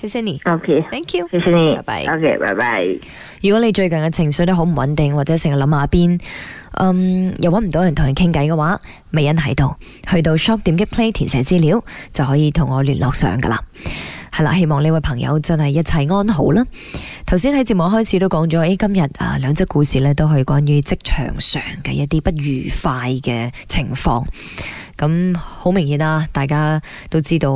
謝謝你，OK，Thank you，謝謝你，拜拜，OK，拜拜。如果你最近嘅情緒都好唔穩定，或者成日諗下邊，嗯，又搵唔到人同你傾偈嘅話，美欣喺度，去到 Shop 點擊 Play 填寫資料就可以同我聯絡上噶啦。係啦，希望呢位朋友真係一切安好啦。頭先喺節目開始都講咗，誒，今日啊，兩隻故事咧都係關於職場上嘅一啲不愉快嘅情況。咁好明顯啦，大家都知道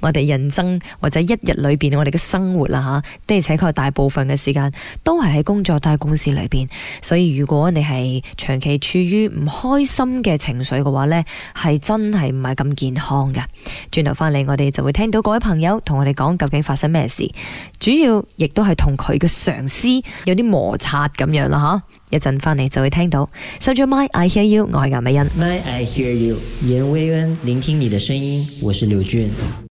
我哋人生或者一日裏邊我哋嘅生活啦吓，的而且確大部分嘅時間都係喺工作、喺公司裏邊。所以如果你係長期處於唔開心嘅情緒嘅話呢係真係唔係咁健康㗎。轉頭翻嚟，我哋就會聽到各位朋友同我哋講究竟發生咩事，主要亦都係同。佢嘅上司有啲摩擦咁樣啦，吓一陣翻嚟就會聽到。收咗麥，I hear you，我係顏美欣。麥，I hear you，嚴薇恩，聆聽你的聲音，我是劉俊。